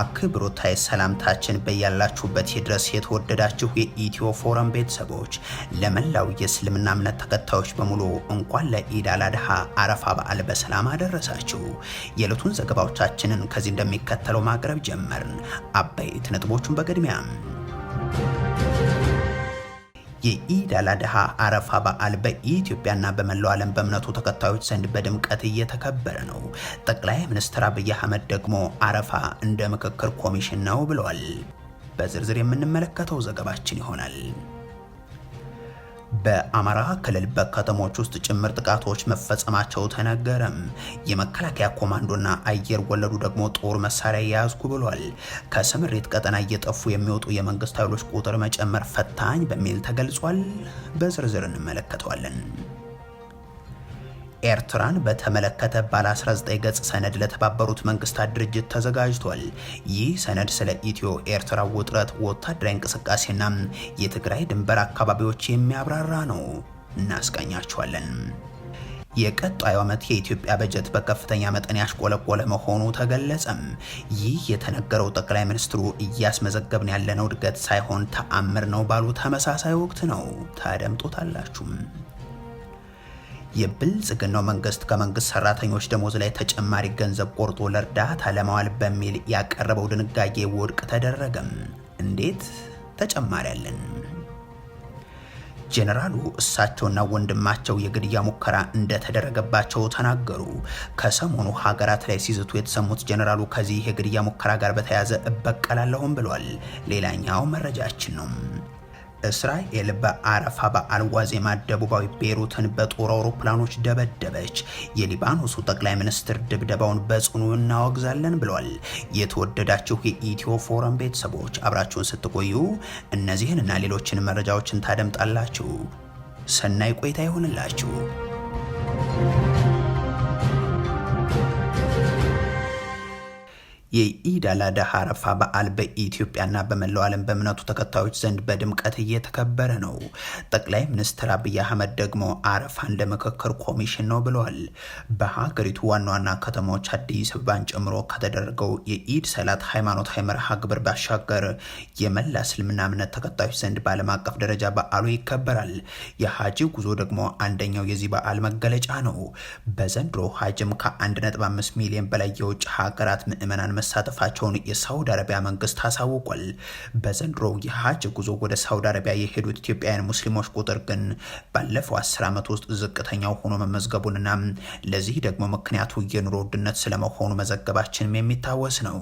አክብሮታ ሰላምታችን በያላችሁበት ድረስ የተወደዳችሁ የኢትዮ ፎረም ቤተሰቦች፣ ለመላው የእስልምና እምነት ተከታዮች በሙሉ እንኳን ለኢድ አላድሃ አረፋ በዓል በሰላም አደረሳችሁ። የዕለቱን ዘገባዎቻችንን ከዚህ እንደሚከተለው ማቅረብ ጀመርን። አበይት ነጥቦቹን በቅድሚያ የኢድ አላድሃ አረፋ በዓል በኢትዮጵያና በመላው ዓለም በእምነቱ ተከታዮች ዘንድ በድምቀት እየተከበረ ነው። ጠቅላይ ሚኒስትር አብይ አህመድ ደግሞ አረፋ እንደ ምክክር ኮሚሽን ነው ብለዋል። በዝርዝር የምንመለከተው ዘገባችን ይሆናል። በአማራ ክልል በከተሞች ውስጥ ጭምር ጥቃቶች መፈጸማቸው ተነገረም። የመከላከያ ኮማንዶና አየር ወለዱ ደግሞ ጦር መሳሪያ የያዝኩ ብሏል። ከስምሪት ቀጠና እየጠፉ የሚወጡ የመንግስት ኃይሎች ቁጥር መጨመር ፈታኝ በሚል ተገልጿል። በዝርዝር እንመለከተዋለን። ኤርትራን በተመለከተ ባለ 19 ገጽ ሰነድ ለተባበሩት መንግስታት ድርጅት ተዘጋጅቷል። ይህ ሰነድ ስለ ኢትዮ ኤርትራ ውጥረት፣ ወታደራዊ እንቅስቃሴና የትግራይ ድንበር አካባቢዎች የሚያብራራ ነው። እናስቀኛቸዋለን። የቀጣዩ ዓመት የኢትዮጵያ በጀት በከፍተኛ መጠን ያሽቆለቆለ መሆኑ ተገለጸም። ይህ የተነገረው ጠቅላይ ሚኒስትሩ እያስመዘገብን ያለነው እድገት ሳይሆን ተአምር ነው ባሉ ተመሳሳይ ወቅት ነው። ታደምጦታላችሁም። የብልጽግናው መንግስት ከመንግስት ሰራተኞች ደሞዝ ላይ ተጨማሪ ገንዘብ ቆርጦ ለእርዳታ ለማዋል በሚል ያቀረበው ድንጋጌ ውድቅ ተደረገም። እንዴት? ተጨማሪ አለን። ጄኔራሉ እሳቸውና ወንድማቸው የግድያ ሙከራ እንደተደረገባቸው ተናገሩ። ከሰሞኑ ሀገራት ላይ ሲዝቱ የተሰሙት ጄኔራሉ ከዚህ የግድያ ሙከራ ጋር በተያያዘ እበቀላለሁም ብሏል። ሌላኛው መረጃችን ነው። እስራኤል በአረፋ በዓል ዋዜማ ደቡባዊ ቤሩትን በጦር አውሮፕላኖች ደበደበች። የሊባኖሱ ጠቅላይ ሚኒስትር ድብደባውን በጽኑ እናወግዛለን ብሏል። የተወደዳችሁ የኢትዮ ፎረም ቤተሰቦች አብራችሁን ስትቆዩ እነዚህን እና ሌሎችን መረጃዎችን ታደምጣላችሁ። ሰናይ ቆይታ ይሆንላችሁ። የኢድ አላዳ አረፋ በዓል በኢትዮጵያና በመላው ዓለም በእምነቱ ተከታዮች ዘንድ በድምቀት እየተከበረ ነው። ጠቅላይ ሚኒስትር አብይ አህመድ ደግሞ አረፋ ለምክክር ኮሚሽን ነው ብለዋል። በሀገሪቱ ዋና ዋና ከተማዎች አዲስ አበባን ጨምሮ ከተደረገው የኢድ ሰላት ሃይማኖታዊ መርሃ ግብር ባሻገር የመላ እስልምና እምነት ተከታዮች ዘንድ በዓለም አቀፍ ደረጃ በዓሉ ይከበራል። የሀጂ ጉዞ ደግሞ አንደኛው የዚህ በዓል መገለጫ ነው። በዘንድሮ ሀጅም ከ1.5 ሚሊዮን በላይ የውጭ ሀገራት ምዕመናን መሳተፋቸውን የሳውዲ አረቢያ መንግስት አሳውቋል። በዘንድሮ የሀጅ ጉዞ ወደ ሳውዲ አረቢያ የሄዱት ኢትዮጵያውያን ሙስሊሞች ቁጥር ግን ባለፈው አስር ዓመት ውስጥ ዝቅተኛው ሆኖ መመዝገቡንና ለዚህ ደግሞ ምክንያቱ የኑሮ ውድነት ስለመሆኑ መዘገባችንም የሚታወስ ነው።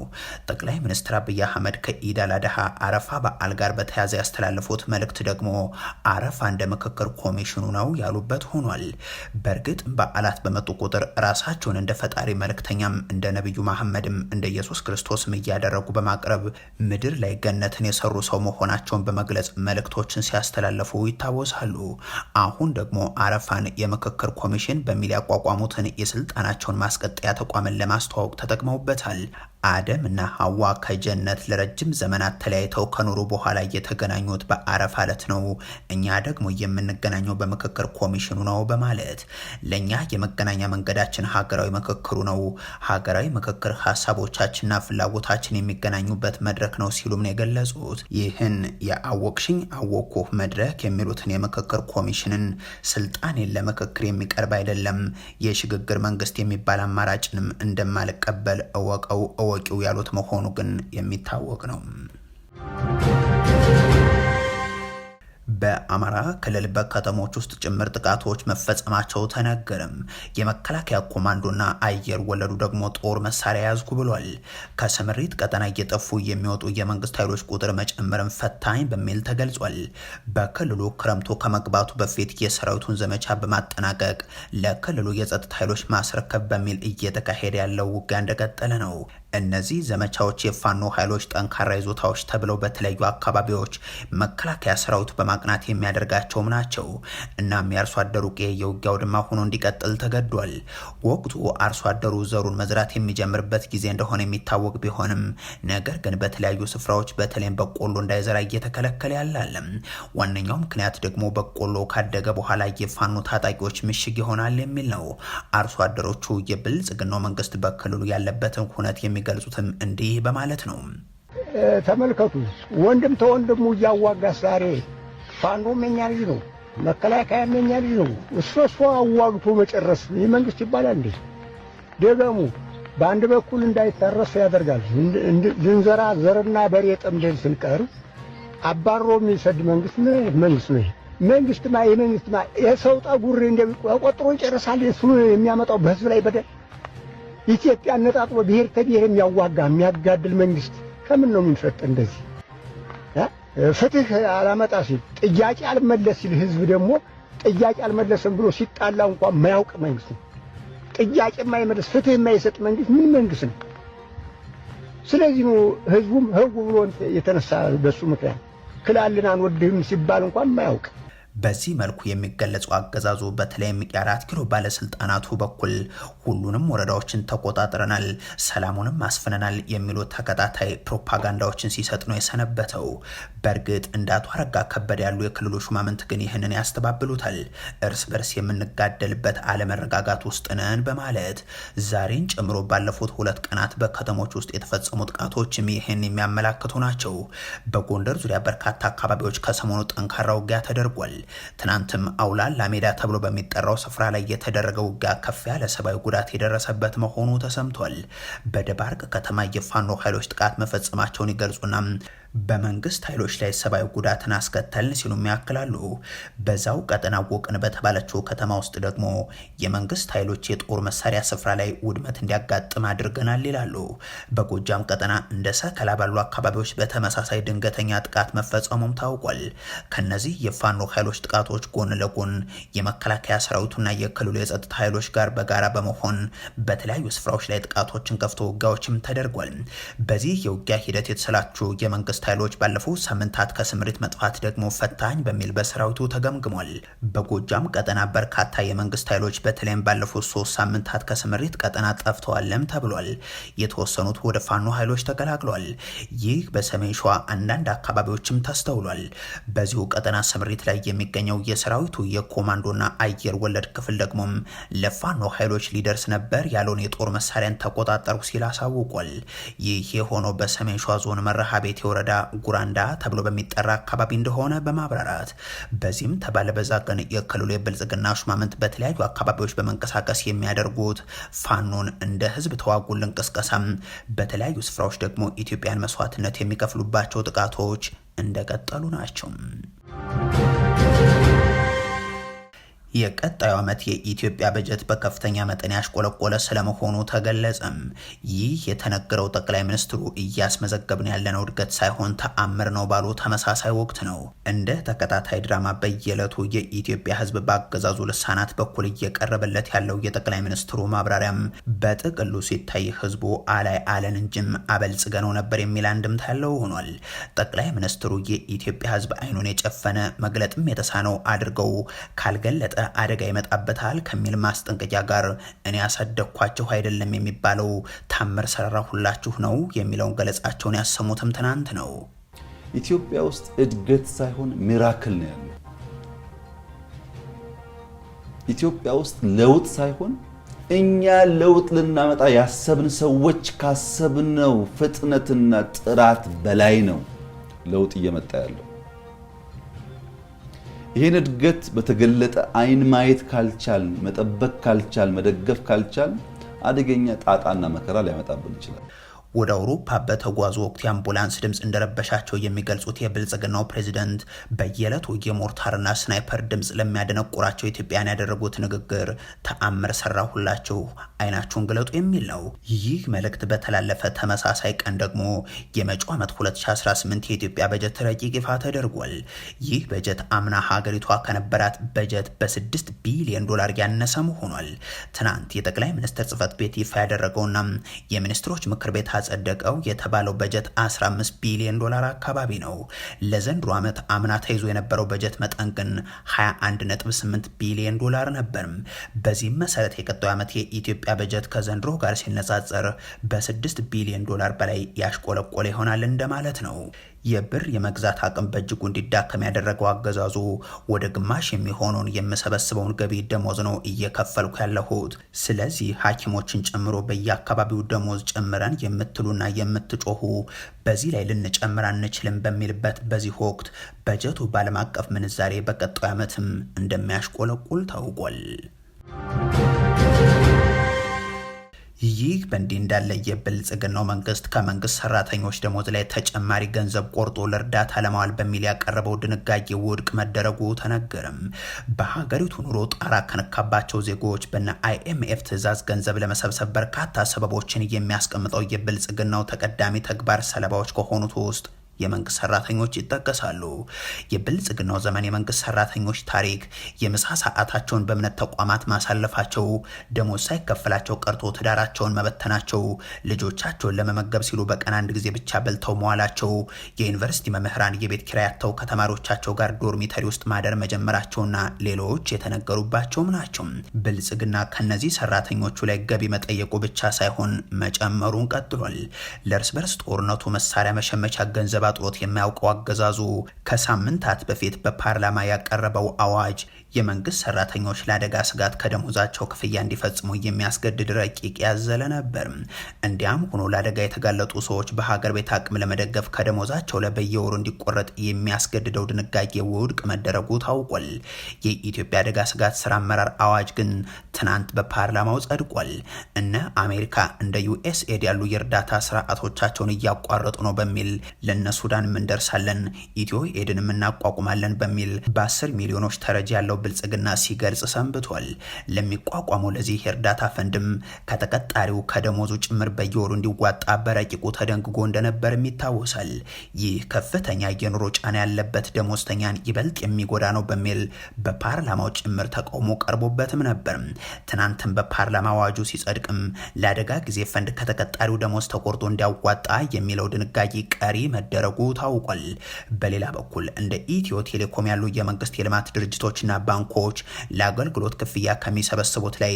ጠቅላይ ሚኒስትር አብይ አህመድ ከኢድ አል አድሃ አረፋ በዓል ጋር በተያያዘ ያስተላለፉት መልእክት ደግሞ አረፋ እንደ ምክክር ኮሚሽኑ ነው ያሉበት ሆኗል። በእርግጥ በዓላት በመጡ ቁጥር ራሳቸውን እንደ ፈጣሪ መልእክተኛም እንደ ነቢዩ መሐመድም እንደ ኢየሱስ ክርስቶስም እያደረጉ በማቅረብ ምድር ላይ ገነትን የሰሩ ሰው መሆናቸውን በመግለጽ መልእክቶችን ሲያስተላለፉ ይታወሳሉ። አሁን ደግሞ አረፋን የምክክር ኮሚሽን በሚል ያቋቋሙትን የስልጣናቸውን ማስቀጠያ ተቋምን ለማስተዋወቅ ተጠቅመውበታል። አደም እና ሐዋ ከጀነት ለረጅም ዘመናት ተለያይተው ከኖሩ በኋላ የተገናኙት በአረፋ ዕለት ነው። እኛ ደግሞ የምንገናኘው በምክክር ኮሚሽኑ ነው በማለት ለእኛ የመገናኛ መንገዳችን ሀገራዊ ምክክሩ ነው። ሀገራዊ ምክክር ሀሳቦቻችንና ፍላጎታችን የሚገናኙበት መድረክ ነው ሲሉም ነው የገለጹት። ይህን የአወቅሽኝ አወቅኩህ መድረክ የሚሉትን የምክክር ኮሚሽንን ስልጣኔን ለምክክር የሚቀርብ አይደለም፣ የሽግግር መንግስት የሚባል አማራጭንም እንደማልቀበል እወቀው አወቂው ያሉት መሆኑ ግን የሚታወቅ ነው። በአማራ ክልል በከተሞች ውስጥ ጭምር ጥቃቶች መፈጸማቸው ተነገርም። የመከላከያ ኮማንዶና አየር ወለዱ ደግሞ ጦር መሳሪያ ያዝኩ ብሏል። ከስምሪት ቀጠና እየጠፉ የሚወጡ የመንግስት ኃይሎች ቁጥር መጨመርም ፈታኝ በሚል ተገልጿል። በክልሉ ክረምቱ ከመግባቱ በፊት የሰራዊቱን ዘመቻ በማጠናቀቅ ለክልሉ የጸጥታ ኃይሎች ማስረከብ በሚል እየተካሄደ ያለው ውጊያ እንደቀጠለ ነው። እነዚህ ዘመቻዎች የፋኖ ኃይሎች ጠንካራ ይዞታዎች ተብለው በተለያዩ አካባቢዎች መከላከያ ሰራዊቱ በማቅናት የሚያደርጋቸውም ናቸው። እናም የአርሶ አደሩ ቄ የውጊያው ድማ ሆኖ እንዲቀጥል ተገዷል። ወቅቱ አርሶ አደሩ ዘሩን መዝራት የሚጀምርበት ጊዜ እንደሆነ የሚታወቅ ቢሆንም ነገር ግን በተለያዩ ስፍራዎች በተለይም በቆሎ እንዳይዘራ እየተከለከለ ያላለም። ዋነኛው ምክንያት ደግሞ በቆሎ ካደገ በኋላ የፋኖ ታጣቂዎች ምሽግ ይሆናል የሚል ነው። አርሶ አደሮቹ የብልጽግናው መንግስት በክልሉ ያለበትን ሁነት የሚ የሚገልጹትም እንዲህ በማለት ነው። ተመልከቱ፣ ወንድም ተወንድሙ እያዋጋ ዛሬ ፋኖ መኛ ልጅ ነው፣ መከላከያ መኛ ልጅ ነው። እሱ እሱ አዋግቶ መጨረስ ይህ መንግስት ይባላል እንዴ? ደገሙ በአንድ በኩል እንዳይታረስ ያደርጋል። ልንዘራ ዘርና በሬ ጠምደን ስንቀር አባሮ የሚሰድ መንግስት መንግስት ነው። መንግስትማ የመንግስትማ የሰው ጠጉር እንደቆጥሮ ይጨርሳል። እሱ የሚያመጣው በህዝብ ላይ በደል ኢትዮጵያ አነጣጥቦ ብሔር ከብሔር የሚያዋጋ የሚያጋድል መንግስት ከምን ነው የሚፈጠ? እንደዚህ ፍትህ አላመጣ ሲል ጥያቄ አልመለስ ሲል ህዝብ ደግሞ ጥያቄ አልመለስም ብሎ ሲጣላ እንኳን የማያውቅ መንግስት ነው። ጥያቄ የማይመለስ ፍትህ የማይሰጥ መንግስት ምን መንግስት ነው? ስለዚህ ነው ህዝቡም ህጉ ብሎ የተነሳ በሱ ምክንያት ክላልን አንወድህም ሲባል እንኳን ማያውቅ በዚህ መልኩ የሚገለጹ አገዛዙ በተለይም የአራት ኪሎ ባለስልጣናቱ በኩል ሁሉንም ወረዳዎችን ተቆጣጥረናል፣ ሰላሙንም አስፍነናል የሚሉ ተከታታይ ፕሮፓጋንዳዎችን ሲሰጥ ነው የሰነበተው። በእርግጥ እንደ አቶ አረጋ ከበደ ያሉ የክልሉ ሹማምንት ግን ይህንን ያስተባብሉታል። እርስ በርስ የምንጋደልበት አለመረጋጋት ውስጥ ነን በማለት ዛሬን ጨምሮ ባለፉት ሁለት ቀናት በከተሞች ውስጥ የተፈጸሙ ጥቃቶችም ይህን የሚያመላክቱ ናቸው። በጎንደር ዙሪያ በርካታ አካባቢዎች ከሰሞኑ ጠንካራ ውጊያ ተደርጓል። ትናንትም አውላላ ሜዳ ተብሎ በሚጠራው ስፍራ ላይ የተደረገ ውጊያ ከፍ ያለ ሰብአዊ ጉዳት የደረሰበት መሆኑ ተሰምቷል። በደባርቅ ከተማ የፋኖ ኃይሎች ጥቃት መፈጸማቸውን ይገልጹና በመንግስት ኃይሎች ላይ ሰብአዊ ጉዳትን አስከተልን ሲሉም ያክላሉ። በዛው ቀጠና ወቅን በተባለችው ከተማ ውስጥ ደግሞ የመንግስት ኃይሎች የጦር መሳሪያ ስፍራ ላይ ውድመት እንዲያጋጥም አድርገናል ይላሉ። በጎጃም ቀጠና እንደ ሰከላ ባሉ አካባቢዎች በተመሳሳይ ድንገተኛ ጥቃት መፈጸሙም ታውቋል። ከነዚህ የፋኖ ኃይሎች ጥቃቶች ጎን ለጎን የመከላከያ ሰራዊቱና የክልሉ የጸጥታ ኃይሎች ጋር በጋራ በመሆን በተለያዩ ስፍራዎች ላይ ጥቃቶችን ከፍቶ ውጊያዎችም ተደርጓል። በዚህ የውጊያ ሂደት የተሰላችው የመንግስት ኃይሎች ባለፉ ሳምንታት ከስምሪት መጥፋት ደግሞ ፈታኝ በሚል በሰራዊቱ ተገምግሟል። በጎጃም ቀጠና በርካታ የመንግስት ኃይሎች በተለይም ባለፉት ሶስት ሳምንታት ከስምሪት ቀጠና ጠፍተዋልም ተብሏል። የተወሰኑት ወደ ፋኖ ኃይሎች ተቀላቅሏል። ይህ በሰሜን ሸዋ አንዳንድ አካባቢዎችም ተስተውሏል። በዚሁ ቀጠና ስምሪት ላይ የሚገኘው የሰራዊቱ የኮማንዶና አየር ወለድ ክፍል ደግሞም ለፋኖ ኃይሎች ሊደርስ ነበር ያለውን የጦር መሳሪያን ተቆጣጠሩ ሲል አሳውቋል። ይህ የሆነው በሰሜን ሸዋ ዞን መረሃ ቤት የወረዳ ጉራንዳ ተብሎ በሚጠራ አካባቢ እንደሆነ በማብራራት በዚህም ተባለበዛ ቀን የክልሉ የብልጽግና ሹማምንት በተለያዩ አካባቢዎች በመንቀሳቀስ የሚያደርጉት ፋኖን እንደ ህዝብ ተዋጉልን ቅስቀሳም፣ በተለያዩ ስፍራዎች ደግሞ ኢትዮጵያን መስዋዕትነት የሚከፍሉባቸው ጥቃቶች እንደቀጠሉ ናቸው። የቀጣዩ ዓመት የኢትዮጵያ በጀት በከፍተኛ መጠን ያሽቆለቆለ ስለመሆኑ ተገለጸም። ይህ የተነገረው ጠቅላይ ሚኒስትሩ እያስመዘገብን ያለነው እድገት ሳይሆን ተአምር ነው ባሉ ተመሳሳይ ወቅት ነው። እንደ ተከታታይ ድራማ በየዕለቱ የኢትዮጵያ ሕዝብ በአገዛዙ ልሳናት በኩል እየቀረበለት ያለው የጠቅላይ ሚኒስትሩ ማብራሪያም በጥቅሉ ሲታይ ሕዝቡ አላይ አለን እንጂም አበልጽገነው ነበር የሚል አንድምታ ያለው ሆኗል። ጠቅላይ ሚኒስትሩ የኢትዮጵያ ሕዝብ አይኑን የጨፈነ መግለጥም የተሳነው አድርገው ካልገለጠ አደጋ ይመጣበታል ከሚል ማስጠንቀቂያ ጋር እኔ ያሳደግኳቸው አይደለም የሚባለው ታምር ሰረራ ሁላችሁ ነው የሚለውን ገለጻቸውን ያሰሙትም ትናንት ነው። ኢትዮጵያ ውስጥ እድገት ሳይሆን ሚራክል ነው ያለው። ኢትዮጵያ ውስጥ ለውጥ ሳይሆን እኛ ለውጥ ልናመጣ ያሰብን ሰዎች ካሰብነው ፍጥነትና ጥራት በላይ ነው ለውጥ እየመጣ ያለው። ይህን እድገት በተገለጠ አይን ማየት ካልቻል፣ መጠበቅ ካልቻል፣ መደገፍ ካልቻል አደገኛ ጣጣና መከራ ሊያመጣብን ይችላል። ወደ አውሮፓ በተጓዙ ወቅት የአምቡላንስ ድምፅ እንደረበሻቸው የሚገልጹት የብልጽግናው ፕሬዚደንት በየዕለቱ የሞርታርና ስናይፐር ድምፅ ለሚያደነቁራቸው ኢትዮጵያን ያደረጉት ንግግር ተአምር ሰራሁላችሁ፣ አይናችሁን ግለጡ የሚል ነው። ይህ መልእክት በተላለፈ ተመሳሳይ ቀን ደግሞ የመጪው ዓመት 2018 የኢትዮጵያ በጀት ረቂቅ ይፋ ተደርጓል። ይህ በጀት አምና ሀገሪቷ ከነበራት በጀት በ6 ቢሊዮን ዶላር ያነሰ መሆኗል። ትናንት የጠቅላይ ሚኒስትር ጽህፈት ቤት ይፋ ያደረገውና የሚኒስትሮች ምክር ቤት ያጸደቀው የተባለው በጀት 15 ቢሊዮን ዶላር አካባቢ ነው። ለዘንድሮ ዓመት አምና ተይዞ የነበረው በጀት መጠን ግን 218 ቢሊዮን ዶላር ነበርም። በዚህም መሰረት የቀጣዩ ዓመት የኢትዮጵያ በጀት ከዘንድሮ ጋር ሲነጻጸር በ6 ቢሊዮን ዶላር በላይ ያሽቆለቆለ ይሆናል እንደማለት ነው። የብር የመግዛት አቅም በእጅጉ እንዲዳከም ያደረገው አገዛዙ ወደ ግማሽ የሚሆነውን የምሰበስበውን ገቢ ደሞዝ ነው እየከፈልኩ ያለሁት። ስለዚህ ሐኪሞችን ጨምሮ በየአካባቢው ደሞዝ ጨምረን የምትሉና የምትጮሁ በዚህ ላይ ልንጨምር አንችልም በሚልበት በዚህ ወቅት በጀቱ በዓለም አቀፍ ምንዛሬ በቀጣዩ ዓመትም እንደሚያሽቆለቁል ታውቋል። ይህ በእንዲህ እንዳለ የብልጽግናው መንግስት ከመንግስት ሰራተኞች ደሞዝ ላይ ተጨማሪ ገንዘብ ቆርጦ ለእርዳታ ለማዋል በሚል ያቀረበው ድንጋጌ ውድቅ መደረጉ ተነገረም። በሀገሪቱ ኑሮ ጣራ ከነካባቸው ዜጎች በነ አይኤምኤፍ ትዕዛዝ ገንዘብ ለመሰብሰብ በርካታ ሰበቦችን የሚያስቀምጠው የብልጽግናው ተቀዳሚ ተግባር ሰለባዎች ከሆኑት ውስጥ የመንግስት ሰራተኞች ይጠቀሳሉ። የብልጽግናው ዘመን የመንግስት ሰራተኞች ታሪክ የምሳ ሰዓታቸውን በእምነት ተቋማት ማሳለፋቸው፣ ደሞዝ ሳይከፈላቸው ቀርቶ ትዳራቸውን መበተናቸው፣ ልጆቻቸውን ለመመገብ ሲሉ በቀን አንድ ጊዜ ብቻ በልተው መዋላቸው፣ የዩኒቨርሲቲ መምህራን የቤት ኪራይ አጥተው ከተማሪዎቻቸው ጋር ዶርሚተሪ ውስጥ ማደር መጀመራቸውና ሌሎች የተነገሩባቸውም ናቸው። ብልጽግና ከነዚህ ሰራተኞቹ ላይ ገቢ መጠየቁ ብቻ ሳይሆን መጨመሩን ቀጥሏል። ለእርስ በርስ ጦርነቱ መሳሪያ መሸመቻ ገንዘብ አጥሮት የማያውቀው አገዛዙ ከሳምንታት በፊት በፓርላማ ያቀረበው አዋጅ የመንግስት ሰራተኞች ለአደጋ ስጋት ከደሞዛቸው ክፍያ እንዲፈጽሙ የሚያስገድድ ረቂቅ ያዘለ ነበር። እንዲያም ሆኖ ለአደጋ የተጋለጡ ሰዎች በሀገር ቤት አቅም ለመደገፍ ከደሞዛቸው ለበየወሩ እንዲቆረጥ የሚያስገድደው ድንጋጌ ውድቅ መደረጉ ታውቋል። የኢትዮጵያ አደጋ ስጋት ስራ አመራር አዋጅ ግን ትናንት በፓርላማው ጸድቋል። እነ አሜሪካ እንደ ዩኤስኤድ ያሉ የእርዳታ ስርዓቶቻቸውን እያቋረጡ ነው በሚል ለነ ሱዳን እንደርሳለን ኢትዮ ኤድን እናቋቁማለን በሚል በአስር ሚሊዮኖች ተረጅ ያለው ብልጽግና ሲገልጽ ሰንብቷል። ለሚቋቋመው ለዚህ የእርዳታ ፈንድም ከተቀጣሪው ከደሞዙ ጭምር በየወሩ እንዲዋጣ በረቂቁ ተደንግጎ እንደነበርም ይታወሳል። ይህ ከፍተኛ የኑሮ ጫና ያለበት ደሞዝተኛን ይበልጥ የሚጎዳ ነው በሚል በፓርላማው ጭምር ተቃውሞ ቀርቦበትም ነበር። ትናንትም በፓርላማ አዋጁ ሲጸድቅም ለአደጋ ጊዜ ፈንድ ከተቀጣሪው ደሞዝ ተቆርጦ እንዲያዋጣ የሚለው ድንጋጌ ቀሪ መደረጉ ታውቋል። በሌላ በኩል እንደ ኢትዮ ቴሌኮም ያሉ የመንግስት የልማት ድርጅቶችና ባንኮች ለአገልግሎት ክፍያ ከሚሰበስቡት ላይ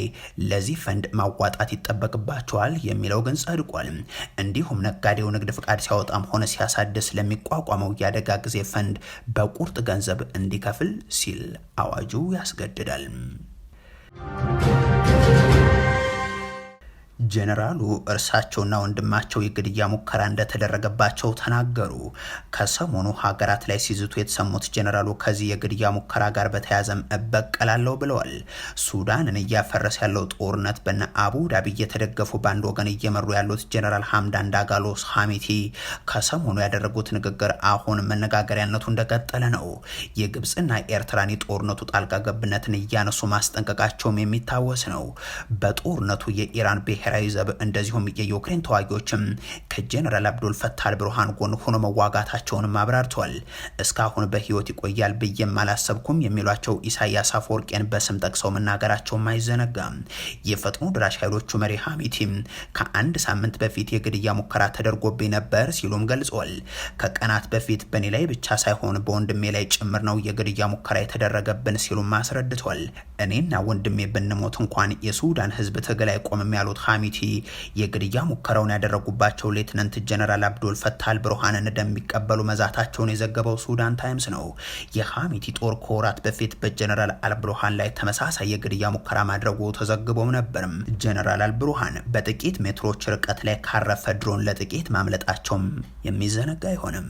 ለዚህ ፈንድ ማዋጣት ይጠበቅባቸዋል የሚለው ግን ጸድቋል። እንዲሁም ነጋዴው ንግድ ፍቃድ ሲያወጣም ሆነ ሲያሳድስ ለሚቋቋመው የአደጋ ጊዜ ፈንድ በቁርጥ ገንዘብ እንዲከፍል ሲል አዋጁ ያስገድዳል። ጀነራሉ እርሳቸውና ወንድማቸው የግድያ ሙከራ እንደተደረገባቸው ተናገሩ። ከሰሞኑ ሀገራት ላይ ሲዝቱ የተሰሙት ጀነራሉ ከዚህ የግድያ ሙከራ ጋር በተያያዘም እበቀላለሁ ብለዋል። ሱዳንን እያፈረስ ያለው ጦርነት በነ አቡ ዳቢ እየተደገፉ በአንድ ወገን እየመሩ ያሉት ጀነራል ሀምዳን ዳጋሎ ሀሚቲ ከሰሞኑ ያደረጉት ንግግር አሁን መነጋገሪያነቱ እንደቀጠለ ነው። የግብፅና ኤርትራን የጦርነቱ ጣልቃ ገብነትን እያነሱ ማስጠንቀቃቸውም የሚታወስ ነው። በጦርነቱ የኢራን ብሔር ብሔራዊ ዘብ እንደዚሁም የዩክሬን ተዋጊዎችም ከጀነራል አብዶል ፈታል አልቡርሃን ጎን ሆኖ መዋጋታቸውንም አብራርተዋል። እስካሁን በህይወት ይቆያል ብዬም አላሰብኩም የሚሏቸው ኢሳያስ አፈወርቄን በስም ጠቅሰው መናገራቸውም አይዘነጋም። የፈጥኖ ድራሽ ኃይሎቹ መሪ ሀሚቲም ከአንድ ሳምንት በፊት የግድያ ሙከራ ተደርጎብኝ ነበር ሲሉም ገልጿል። ከቀናት በፊት በእኔ ላይ ብቻ ሳይሆን በወንድሜ ላይ ጭምር ነው የግድያ ሙከራ የተደረገብን ሲሉም አስረድቷል። እኔና ወንድሜ ብንሞት እንኳን የሱዳን ህዝብ ትግል አይቆምም ያሉት አሚቲ የግድያ ሙከራውን ያደረጉባቸው ሌትናንት ጀነራል አብዶል ፈታል ብርሃንን እንደሚቀበሉ መዛታቸውን የዘገበው ሱዳን ታይምስ ነው። የሀሚቲ ጦር ከወራት በፊት በጀነራል አልብርሃን ላይ ተመሳሳይ የግድያ ሙከራ ማድረጉ ተዘግቦም ነበርም። ጀነራል አልብርሃን በጥቂት ሜትሮች ርቀት ላይ ካረፈ ድሮን ለጥቂት ማምለጣቸውም የሚዘነጋ አይሆንም።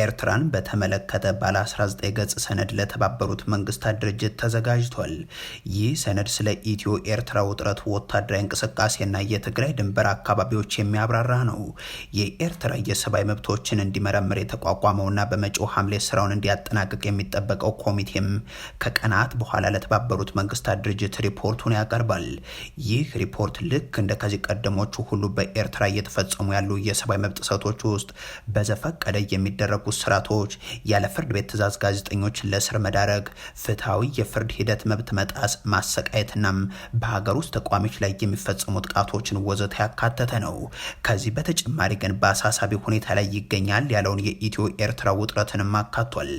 ኤርትራን በተመለከተ ባለ 19 ገጽ ሰነድ ለተባበሩት መንግስታት ድርጅት ተዘጋጅቷል። ይህ ሰነድ ስለ ኢትዮ ኤርትራ ውጥረት፣ ወታደራዊ እንቅስቃሴና የትግራይ ድንበር አካባቢዎች የሚያብራራ ነው። የኤርትራ የሰብአዊ መብቶችን እንዲመረምር የተቋቋመውና በመጪው ሐምሌ ስራውን እንዲያጠናቅቅ የሚጠበቀው ኮሚቴም ከቀናት በኋላ ለተባበሩት መንግስታት ድርጅት ሪፖርቱን ያቀርባል። ይህ ሪፖርት ልክ እንደ ከዚህ ቀደሞቹ ሁሉ በኤርትራ እየተፈጸሙ ያሉ የሰብአዊ መብት ጥሰቶች ውስጥ በዘፈቀደ የሚደረጉ የተዘረጉ ስራቶች ያለ ፍርድ ቤት ትዕዛዝ ጋዜጠኞችን ለእስር መዳረግ፣ ፍትሐዊ የፍርድ ሂደት መብት መጣስ፣ ማሰቃየትናም በሀገር ውስጥ ተቋሚዎች ላይ የሚፈጸሙ ጥቃቶችን ወዘተ ያካተተ ነው። ከዚህ በተጨማሪ ግን በአሳሳቢ ሁኔታ ላይ ይገኛል ያለውን የኢትዮ ኤርትራ ውጥረትንም አካቷል።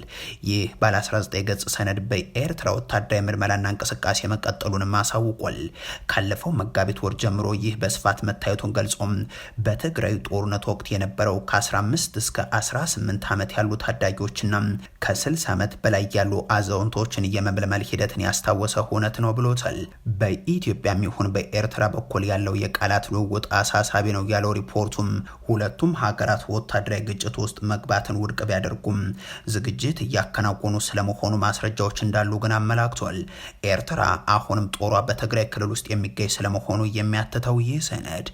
ይህ ባለ 19 ገጽ ሰነድ በኤርትራ ወታደራዊ ምልመላና እንቅስቃሴ መቀጠሉንም አሳውቋል። ካለፈው መጋቢት ወር ጀምሮ ይህ በስፋት መታየቱን ገልጾም በትግራይ ጦርነት ወቅት የነበረው ከ15 እስከ 18 ዓመት ያሉ ታዳጊዎችና ከ60 ዓመት በላይ ያሉ አዛውንቶችን የመመልመል ሂደትን ያስታወሰ ሁነት ነው ብሎታል። በኢትዮጵያም ይሁን በኤርትራ በኩል ያለው የቃላት ልውውጥ አሳሳቢ ነው ያለው ሪፖርቱም ሁለቱም ሀገራት ወታደራዊ ግጭት ውስጥ መግባትን ውድቅ ቢያደርጉም ዝግጅት እያከናወኑ ስለመሆኑ ማስረጃዎች እንዳሉ ግን አመላክቷል። ኤርትራ አሁንም ጦሯ በትግራይ ክልል ውስጥ የሚገኝ ስለመሆኑ የሚያትተው ይህ ሰነድ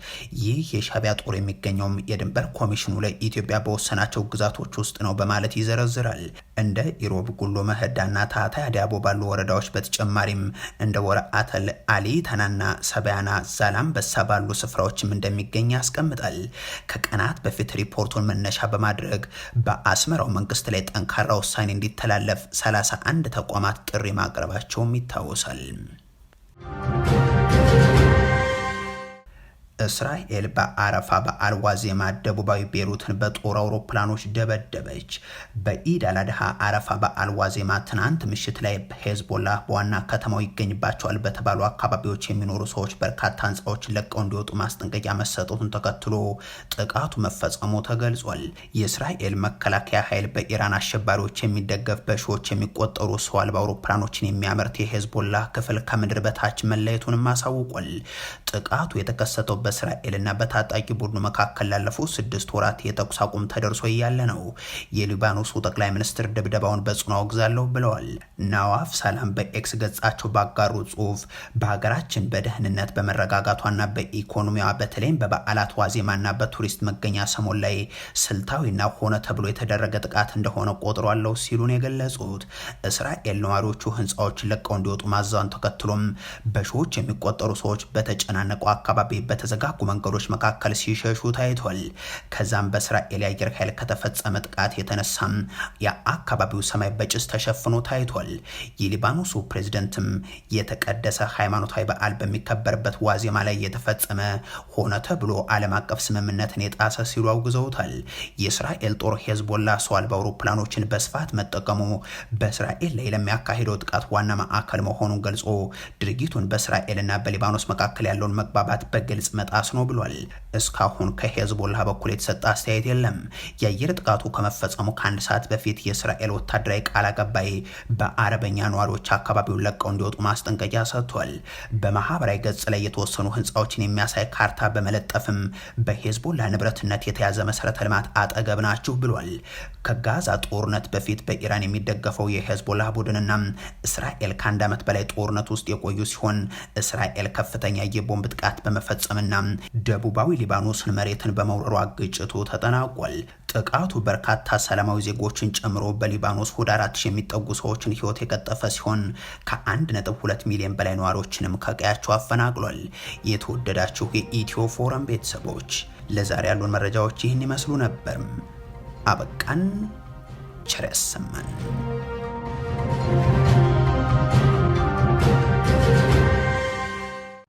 ይህ የሻቢያ ጦር የሚገኘውም የድንበር ኮሚሽኑ ለኢትዮጵያ በወሰናቸው ግዛቶች ውስጥ ውስጥ ነው በማለት ይዘረዝራል። እንደ ኢሮብ፣ ጉሎ መኸዳና ታታ አዳቦ ባሉ ወረዳዎች በተጨማሪም እንደ ወረ አተል አሊ፣ ተናና፣ ሰቢያና፣ በሳ ባሉ ስፍራዎችም እንደሚገኝ ያስቀምጣል። ከቀናት በፊት ሪፖርቱን መነሻ በማድረግ በአስመራው መንግስት ላይ ጠንካራ ውሳኔ እንዲተላለፍ 31 ተቋማት ጥሪ ማቅረባቸውም ይታወሳል። እስራኤል በአረፋ በዓል ዋዜማ ደቡባዊ ቤሩትን በጦር አውሮፕላኖች ደበደበች። በኢድ አላድሃ አረፋ በዓል ዋዜማ ትናንት ምሽት ላይ ሄዝቦላ በዋና ከተማው ይገኝባቸዋል በተባሉ አካባቢዎች የሚኖሩ ሰዎች በርካታ ህንፃዎችን ለቀው እንዲወጡ ማስጠንቀቂያ መሰጠቱን ተከትሎ ጥቃቱ መፈጸሙ ተገልጿል። የእስራኤል መከላከያ ኃይል በኢራን አሸባሪዎች የሚደገፍ በሺዎች የሚቆጠሩ ሰው አልባ አውሮፕላኖችን የሚያመርት የሄዝቦላ ክፍል ከምድር በታች መለየቱንም አሳውቋል። ጥቃቱ የተከሰተው በእስራኤልና በታጣቂ ቡድኑ መካከል ላለፉት ስድስት ወራት የተኩስ አቁም ተደርሶ እያለ ነው። የሊባኖሱ ጠቅላይ ሚኒስትር ድብደባውን በጽኑ አወግዛለሁ ብለዋል። ናዋፍ ሰላም በኤክስ ገጻቸው ባጋሩ ጽሁፍ በሀገራችን በደህንነት በመረጋጋቷና በኢኮኖሚዋ በተለይም በበዓላት ዋዜማና በቱሪስት መገኛ ሰሞን ላይ ስልታዊና ሆነ ተብሎ የተደረገ ጥቃት እንደሆነ ቆጥሯለሁ ሲሉን የገለጹት እስራኤል ነዋሪዎቹ ህንፃዎችን ለቀው እንዲወጡ ማዛውን ተከትሎም በሺዎች የሚቆጠሩ ሰዎች በተጨናነቁ አካባቢ በተዘ በተዘጋጉ መንገዶች መካከል ሲሸሹ ታይቷል። ከዛም በእስራኤል የአየር ኃይል ከተፈጸመ ጥቃት የተነሳም የአካባቢው ሰማይ በጭስ ተሸፍኖ ታይቷል። የሊባኖሱ ፕሬዝደንትም የተቀደሰ ሃይማኖታዊ በዓል በሚከበርበት ዋዜማ ላይ የተፈጸመ ሆነ ተብሎ ዓለም አቀፍ ስምምነትን የጣሰ ሲሉ አውግዘውታል። የእስራኤል ጦር ሄዝቦላ ሰው አልባ አውሮፕላኖችን በስፋት መጠቀሙ በእስራኤል ላይ ለሚያካሂደው ጥቃት ዋና ማዕከል መሆኑን ገልጾ ድርጊቱን በእስራኤልና በሊባኖስ መካከል ያለውን መግባባት በግልጽ መ መጣስ ነው ብሏል። እስካሁን ከሄዝቦላ በኩል የተሰጠ አስተያየት የለም። የአየር ጥቃቱ ከመፈጸሙ ከአንድ ሰዓት በፊት የእስራኤል ወታደራዊ ቃል አቀባይ በአረበኛ ነዋሪዎች አካባቢውን ለቀው እንዲወጡ ማስጠንቀቂያ ሰጥቷል። በማህበራዊ ገጽ ላይ የተወሰኑ ህንፃዎችን የሚያሳይ ካርታ በመለጠፍም በሄዝቦላ ንብረትነት የተያዘ መሰረተ ልማት አጠገብ ናችሁ ብሏል። ከጋዛ ጦርነት በፊት በኢራን የሚደገፈው የሄዝቦላ ቡድንና እስራኤል ከአንድ ዓመት በላይ ጦርነት ውስጥ የቆዩ ሲሆን እስራኤል ከፍተኛ የቦምብ ጥቃት በመፈጸምና ደቡባዊ ሊባኖስን መሬትን በመውረሯ ግጭቱ ተጠናቋል። ጥቃቱ በርካታ ሰላማዊ ዜጎችን ጨምሮ በሊባኖስ ወደ አራት ሺህ የሚጠጉ ሰዎችን ህይወት የቀጠፈ ሲሆን ከ1.2 ሚሊዮን በላይ ነዋሪዎችንም ከቀያቸው አፈናቅሏል። የተወደዳችሁ የኢትዮ ፎረም ቤተሰቦች ለዛሬ ያሉን መረጃዎች ይህን ይመስሉ ነበር። አበቃን። ቸር ያሰማን።